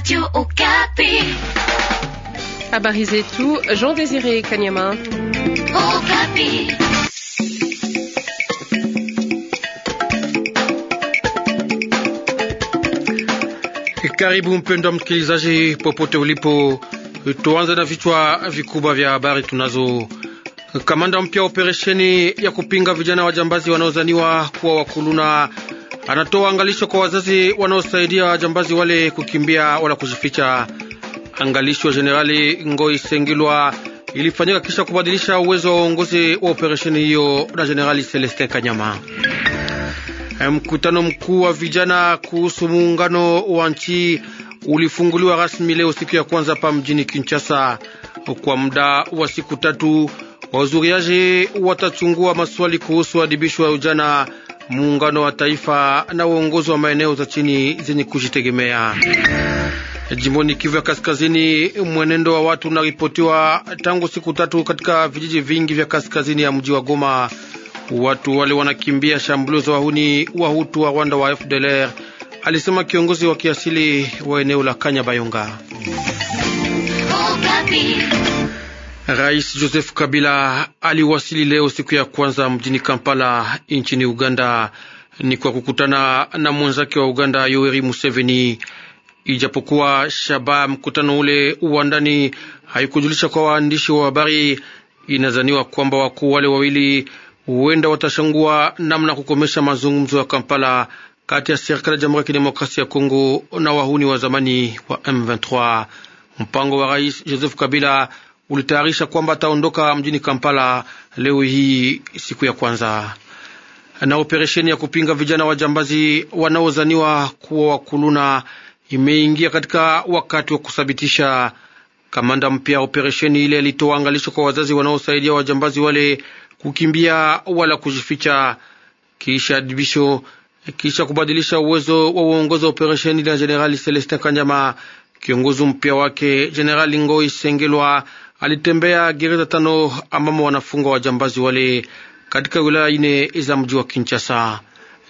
Radio Okapi. Habari zetu, Jean Désiré Kanyama. Okapi. Karibu mpendwa msikilizaji popote ulipo. Tuanze na vichwa vikubwa vya habari tunazo. Kamanda mpya operesheni ya kupinga vijana wajambazi wanaozaniwa kuwa wakuluna anatoa angalisho kwa wazazi wanaosaidia jambazi wale kukimbia wala kujificha. Angalisho ya Jenerali Ngoi Sengilwa ilifanyika kisha kubadilisha uwezo wa uongozi wa operesheni hiyo na Jenerali Celestin Kanyama. Mkutano mkuu wa vijana kuhusu muungano wa nchi ulifunguliwa rasmi leo siku ya kwanza pa mjini Kinshasa. Kwa muda wa siku tatu, wazuriaji watachungua maswali kuhusu adibisho wa ujana muungano wa taifa na uongozi wa maeneo za chini zenye kujitegemea. Jimboni Kivu ya Kaskazini, mwenendo wa watu unaripotiwa tangu siku tatu katika vijiji vingi vya kaskazini ya mji wa Goma. Watu wale wanakimbia shambulio za wahuni wahutu wa Rwanda wa FDLR, alisema kiongozi wa kiasili wa eneo la Kanyabayonga. Oh, Rais Joseph Kabila aliwasili leo siku ya kwanza mjini Kampala nchini Uganda, ni kwa kukutana na mwenzake wa Uganda Yoweri Museveni. Ijapokuwa shabaha mkutano ule wa ndani haikujulisha kwa waandishi wa habari, inazaniwa kwamba wakuu wale wawili huenda watashangua namna kukomesha mazungumzo ya Kampala kati ya serikali ya Jamhuri ya Kidemokrasia ya Kongo na wahuni wa zamani wa M23. Mpango wa Rais Joseph Kabila ulitayarisha kwamba ataondoka mjini Kampala leo hii siku ya kwanza. Na operesheni ya kupinga vijana wajambazi wanaozaniwa kuwa wakuluna imeingia katika wakati wa kusabitisha. Kamanda mpya operesheni ile alitoa angalisho kwa wazazi wanaosaidia wajambazi wale kukimbia wala kujificha, kisha adibisho, kisha kubadilisha uwezo wa uongozi wa operesheni na Jenerali Celestin Kanyama. Kiongozi mpya wake Jenerali Ngoi Sengelwa alitembea gereza tano ambamo wanafungwa wajambazi wale katika wilaya ine za mji wa Kinshasa.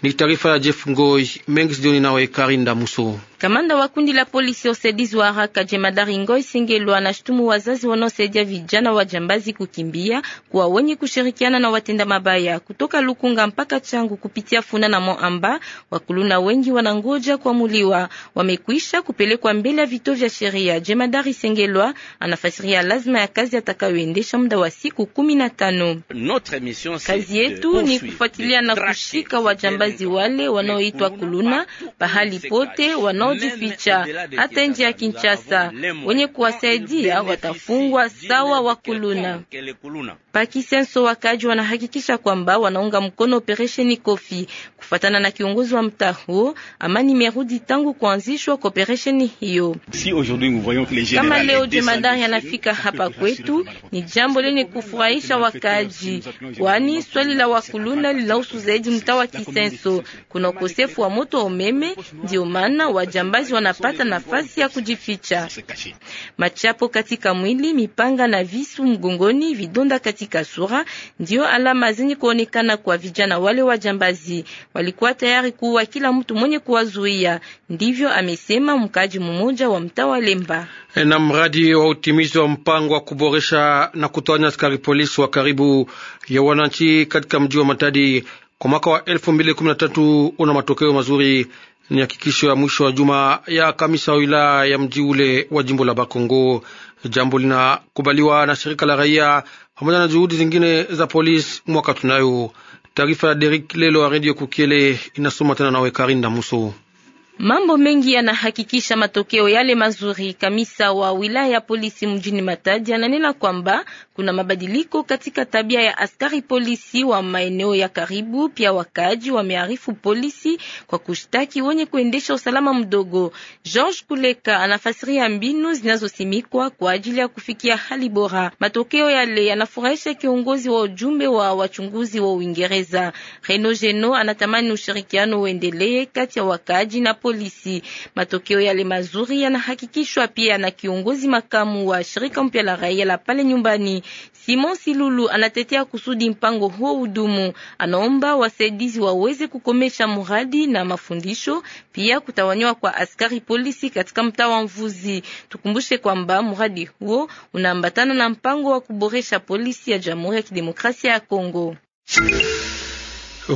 Ni taarifa ya Jeff Ngoi Mengi Sidioni nawe Karinda Muso. Kamanda wa kundi la polisi usaidizi wa haraka jemadari Ngoi Singelwa anashtumu wazazi wanaosaidia vijana wa jambazi kukimbia kuwa wenye kushirikiana na watenda mabaya kutoka Lukunga mpaka Changu kupitia Funa na Moamba. Wakuluna wengi wanangoja kuamuliwa, wamekwisha kupelekwa mbele ya vituo vya sheria. Jemadari Singelwa anafasiria lazima ya kazi atakayoendesha muda wa siku kumi na tano. Kazi yetu ni kufuatilia na kushika wajambazi wale wanaoitwa kuluna pahali pote wanao wanaojificha hata nje ya Kinshasa. Wenye kuwasaidia watafungwa sawa wa kuluna pakisenso. Wakaji wanahakikisha kwamba wanaunga mkono operesheni Kofi. Kufatana na kiongozi wa mtaa huo, amani imerudi tangu kuanzishwa kwa operesheni hiyo. Kama leo jemadari anafika hapa kwetu, ni jambo lenye kufurahisha wakaji, kwani swali la wakuluna linahusu zaidi mtaa wa Kisenso. Kuna ukosefu wa moto wa umeme, ndio maana waja majambazi wanapata nafasi ya kujificha. Machapo katika mwili, mipanga na visu mgongoni, vidonda katika sura, ndio alama zenye kuonekana kwa vijana wale wajambazi. Walikuwa tayari kuwa kila mtu mwenye kuwazuia, ndivyo amesema mkaji mmoja wa mtaa wa Lemba. E, na mradi wa utimizi wa mpango wa kuboresha na kutawanya askari polisi wa karibu ya wananchi katika mji wa Matadi kwa mwaka wa 2013 una matokeo mazuri ni hakikisho ya mwisho wa juma ya kamisa wa wilaya ya mji ule wa jimbo la Bakongo, jambo linakubaliwa na shirika la raia pamoja na juhudi zingine za polisi mwaka tunayo. Taarifa ya Derik Lelo ya Radio Kukiele inasoma tena nawe Karinda Muso. Mambo mengi yanahakikisha matokeo yale mazuri. Kamisa wa wilaya ya polisi mjini Matadi ananena kwamba kuna mabadiliko katika tabia ya askari polisi wa maeneo ya karibu. Pia wakaaji wamearifu polisi kwa kushtaki wenye kuendesha usalama mdogo. George Kuleka anafasiria mbinu zinazosimikwa kwa ajili ya kufikia hali bora. Matokeo yale yanafurahisha kiongozi wa ujumbe wa wachunguzi wa Uingereza. Reno Geno anatamani ushirikiano uendelee kati ya wakaji na polisi polisi. Matokeo yale mazuri yanahakikishwa pia na kiongozi makamu wa shirika mpya la raia la pale nyumbani. Simon Silulu anatetea kusudi mpango huo udumu. Anaomba wasaidizi waweze kukomesha muradi na mafundisho, pia kutawanywa kwa askari polisi katika mtaa wa Mvuzi. Tukumbushe kwamba muradi huo unaambatana na mpango wa kuboresha polisi ya Jamhuri ya Kidemokrasia ya Kongo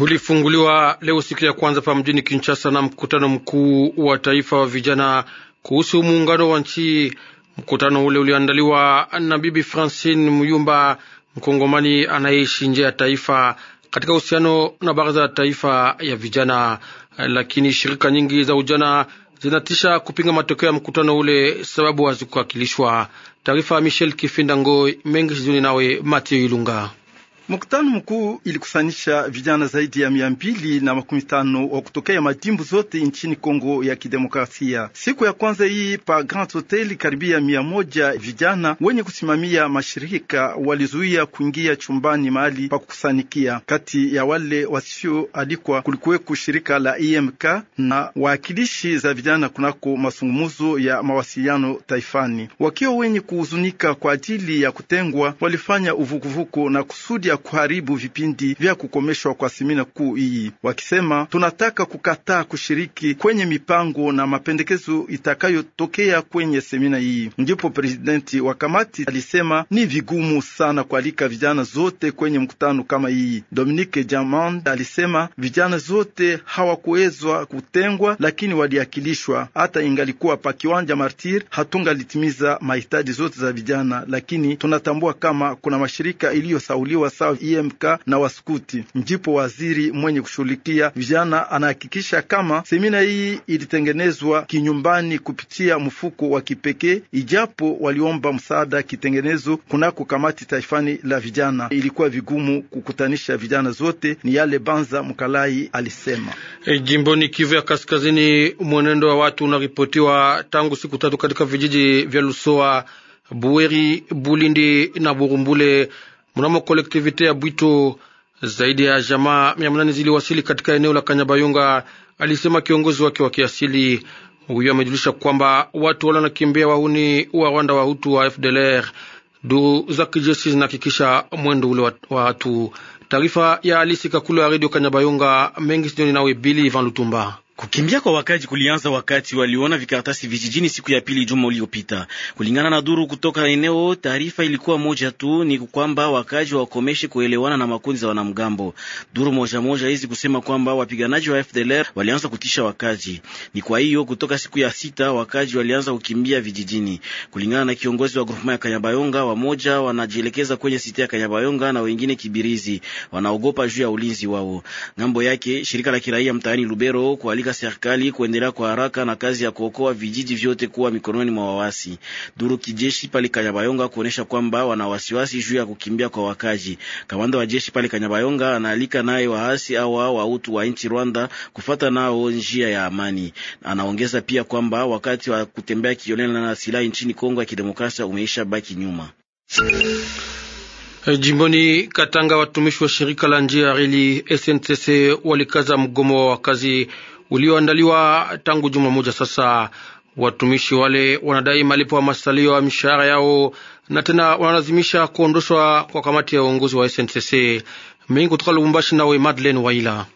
ulifunguliwa leo siku ya kwanza pa mjini Kinshasa na mkutano mkuu wa taifa wa vijana kuhusu muungano wa nchi. Mkutano ule uliandaliwa na Bibi Francine Muyumba, mkongomani anayeishi nje ya taifa katika uhusiano na baraza la taifa ya vijana. Lakini shirika nyingi za ujana zinatisha kupinga matokeo ya mkutano ule sababu hazikuwakilishwa. Taarifa ya Michel Kifinda Ngoi mengi sizuni nawe Mathieu Ilunga. Mkutano mkuu ilikusanisha vijana zaidi ya mia mbili na makumi tano wa kutokea majimbo zote nchini Kongo ya Kidemokrasia. Siku ya kwanza hii pa Grand Hotel, karibia mia moja vijana wenye kusimamia mashirika walizuia kuingia chumbani mahali pa kukusanikia. Kati ya wale wasioalikwa kulikuweko shirika la IMK na waakilishi za vijana kunako masungumuzo ya mawasiliano taifani, wakiwa wenye kuhuzunika kwa ajili ya kutengwa, walifanya uvukuvuku na kusudi ya kuharibu vipindi vya kukomeshwa kwa simina kuu hii wakisema tunataka kukataa kushiriki kwenye mipango na mapendekezo itakayotokea kwenye semina hii Ndipo presidenti wa kamati alisema ni vigumu sana kualika vijana zote kwenye mkutano kama hii Dominique Jamand alisema vijana zote hawakuwezwa kutengwa, lakini waliakilishwa. Hata ingalikuwa pa kiwanja Martir, hatungalitimiza mahitaji zote za vijana, lakini tunatambua kama kuna mashirika iliyosauliwa sawa IMK e na waskuti. Ndipo waziri mwenye kushughulikia vijana anahakikisha kama semina hii ilitengenezwa kinyumbani kupitia mfuko wa kipekee, ijapo waliomba msaada kitengenezo kunako kamati taifani la vijana. Ilikuwa vigumu kukutanisha vijana zote, ni yale Banza Mkalai alisema. Hey, jimboni Kivu ya Kaskazini, mwenendo wa watu unaripotiwa tangu siku tatu katika vijiji vya Lusoa, Buweri, Bulindi na Burumbule mnamo kolektivite ya Bwito. Zaidi ya jamaa mia nane ziliwasili katika eneo la Kanyabayonga, alisema kiongozi wake wa kiasili. Huyo amejulisha kwamba watu walionakimbia wahuni wa Rwanda wahutu wa FDLR. Duru za kijeshi zinahakikisha mwendo ule wa watu. Taarifa ya Alisi Kakulu ya redio Kanyabayonga mengi sijoni nawe Bili Ivan Lutumba. Kukimbia kwa wakaji kulianza wakati waliona vikaratasi vijijini siku ya pili juma uliopita. Kulingana na duru kutoka eneo, taarifa ilikuwa moja tu, ni kwamba wakaji wakomeshe kuelewana na makundi za wanamgambo. Duru moja moja hizi kusema kwamba wapiganaji wa FDLR walianza kutisha wakaji. Ni kwa hiyo kutoka siku ya sita wakaji walianza kukimbia vijijini. Kulingana na kiongozi wa grupma ya Kanyabayonga, wamoja wanajielekeza kwenye sita ya Kanyabayonga na wengine Kibirizi, wanaogopa juu ya ulinzi wao. Ngambo yake shirika la kiraia mtaani Lubero kwa kuitaka serikali kuendelea kwa haraka na kazi ya kuokoa vijiji vyote kuwa mikononi mwa waasi. Duru kijeshi pale Kanyabayonga kuonesha kwamba wana wasiwasi juu ya kukimbia kwa wakaji. Kamanda wa jeshi pale Kanyabayonga anaalika naye waasi au wautu wa nchi Rwanda kufata nao njia ya amani. Anaongeza pia kwamba wakati wa kutembea kiolela na silaha nchini Kongo ya Kidemokrasia umeisha baki nyuma. Eh, jimboni Katanga, watumishi wa shirika la njia ya reli SNCC walikaza mgomo wa kazi ulioandaliwa tangu juma moja sasa. Watumishi wale wanadai malipo ya masalio ya mishahara yao na tena wanalazimisha kuondoshwa kwa kamati ya uongozi wa SNCC. Mengi kutoka Lubumbashi, nawe Madeleine Waila.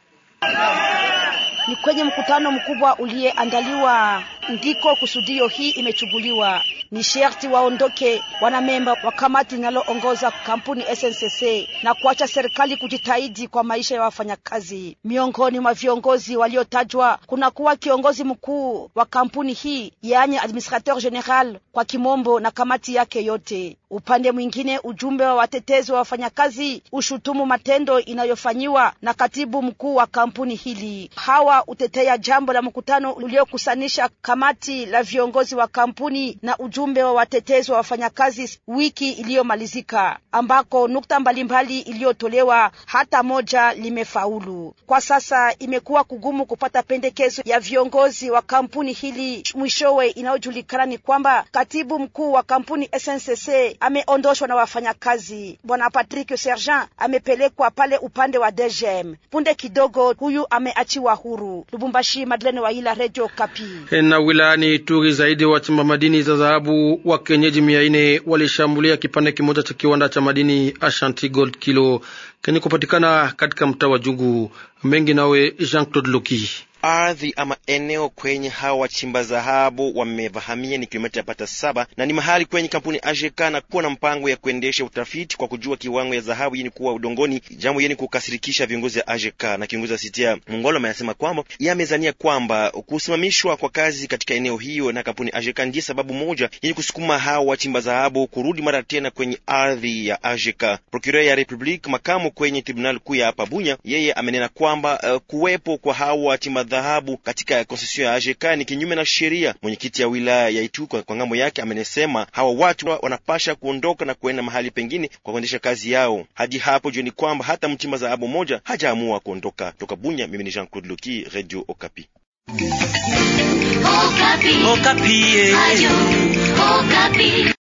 Ni kwenye mkutano mkubwa ulieandaliwa ndiko kusudio hii imechuguliwa. Ni sherti waondoke wanamemba wa kamati linaloongoza kampuni SNCC na kuacha serikali kujitahidi kwa maisha ya wafanyakazi. Miongoni mwa viongozi waliotajwa kuna kuwa kiongozi mkuu wa kampuni hii, yaani administrateur general kwa kimombo, na kamati yake yote. Upande mwingine, ujumbe wa watetezi wa wafanyakazi ushutumu matendo inayofanyiwa na katibu mkuu wa kampuni hili. Hawa utetea jambo la mkutano uliokusanisha kamati la viongozi wa kampuni na ujumbe wa watetezi wa wafanyakazi wiki iliyomalizika, ambako nukta mbalimbali iliyotolewa hata moja limefaulu. Kwa sasa imekuwa kugumu kupata pendekezo ya viongozi wa kampuni hili. Mwishowe inayojulikana ni kwamba katibu mkuu wa kampuni SNCC ameondoshwa na wafanyakazi. Bwana Patrick Sergent amepelekwa pale upande wa DGM. Punde kidogo huyu ameachiwa huru. Lubumbashi, Madeleine Waila, Radio Kapi. Hey, eh, wilayani Ituri, zaidi ya wachimba madini za dhahabu wa kenyeji mia nne walishambulia kipande kimoja cha kiwanda cha madini Ashanti Gold Kilo kenye kupatikana katika mtaa wa Jugu mengi. Nawe Jean Claude Loki ardhi ama eneo kwenye hawa wachimba dhahabu wamevahamia ni kilomita yapata saba na ni mahali kwenye kampuni AGK na kuwa na mpango ya kuendesha utafiti kwa kujua kiwango ya dhahabu yeni kuwa udongoni, jambo yeni kukasirikisha viongozi ya AGK. Na kiongozi wa Sitia Mungoloma anasema kwamba yamezania kwamba kusimamishwa kwa kazi katika eneo hiyo na kampuni AGK ndiye sababu moja yeni kusukuma hawa wachimba dhahabu kurudi mara tena kwenye ardhi ya AGK. Prokurea ya Republic makamu kwenye tribunal kuu ya hapa Bunya, yeye amenena kwamba uh, kuwepo kwa hawa wachimba dhahabu katika konsesio ya AGK ni kinyume na sheria. Mwenyekiti ya wilaya ya Itu kwa ngambo yake amenesema hawa watu wanapasha kuondoka na kuenda mahali pengine kwa kuendesha kazi yao. Hadi hapo jioni kwamba hata mchimba dhahabu moja hajaamua kuondoka toka Bunya. Mimi ni Jean Claude Loki, Radio Okapi. Okapi. Okapi. Eh.